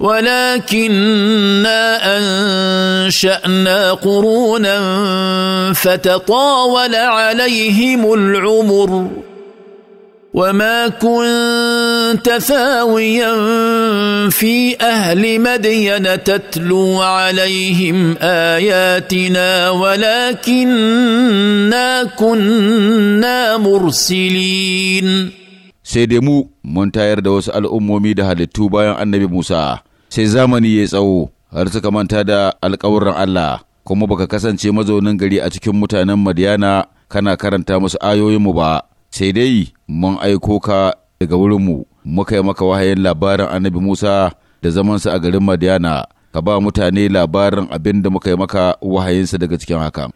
ولكنا انشانا قرونا فتطاول عليهم العمر وما كنت ثاويا في اهل مدين تتلو عليهم اياتنا ولكنا كنا مرسلين سيدمو dai دوس الامومي ده لتوبا النبي موسى sai zamani ya tsawo har suka manta da alkawuran Allah kuma baka kasance mazaunin gari a cikin mutanen Madiyana kana karanta musu ayoyinmu ba sai dai mun aiko ka daga wurinmu muka yi maka wahayin labarin annabi Musa da zamansa a garin Madiyana ka ba mutane labarin abin da muka yi maka wahayinsa daga cikin haka.